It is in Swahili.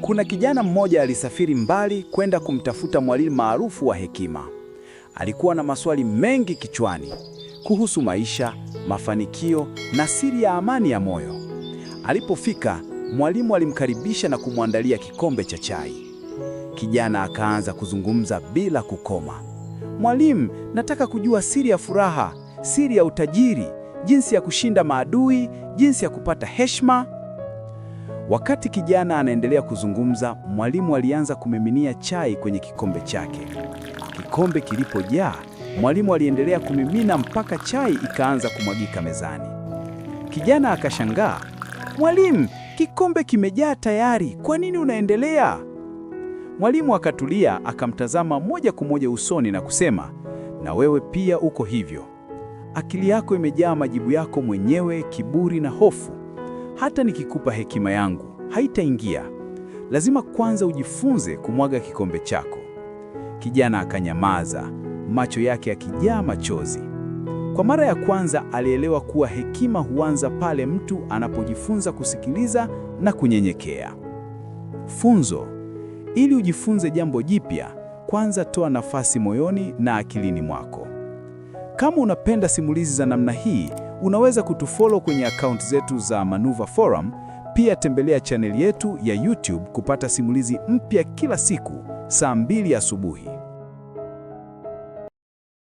Kuna kijana mmoja alisafiri mbali kwenda kumtafuta mwalimu maarufu wa hekima. Alikuwa na maswali mengi kichwani kuhusu maisha, mafanikio na siri ya amani ya moyo. Alipofika, mwalimu alimkaribisha na kumwandalia kikombe cha chai. Kijana akaanza kuzungumza bila kukoma. Mwalimu, nataka kujua siri ya furaha, siri ya utajiri, jinsi ya kushinda maadui, jinsi ya kupata heshima. Wakati kijana anaendelea kuzungumza, mwalimu alianza kumiminia chai kwenye kikombe chake. Kikombe kilipojaa, mwalimu aliendelea kumimina mpaka chai ikaanza kumwagika mezani. Kijana akashangaa, "Mwalimu, kikombe kimejaa tayari, kwa nini unaendelea?" Mwalimu akatulia, akamtazama moja kwa moja usoni na kusema, "Na wewe pia uko hivyo. Akili yako imejaa majibu yako mwenyewe, kiburi na hofu. Hata nikikupa hekima yangu haitaingia. Lazima kwanza ujifunze kumwaga kikombe chako. Kijana akanyamaza, macho yake yakijaa machozi. Kwa mara ya kwanza alielewa kuwa hekima huanza pale mtu anapojifunza kusikiliza na kunyenyekea. Funzo: ili ujifunze jambo jipya, kwanza toa nafasi moyoni na akilini mwako. Kama unapenda simulizi za namna hii, Unaweza kutufollow kwenye akaunti zetu za Manuva Forum. Pia tembelea chaneli yetu ya YouTube kupata simulizi mpya kila siku saa mbili asubuhi.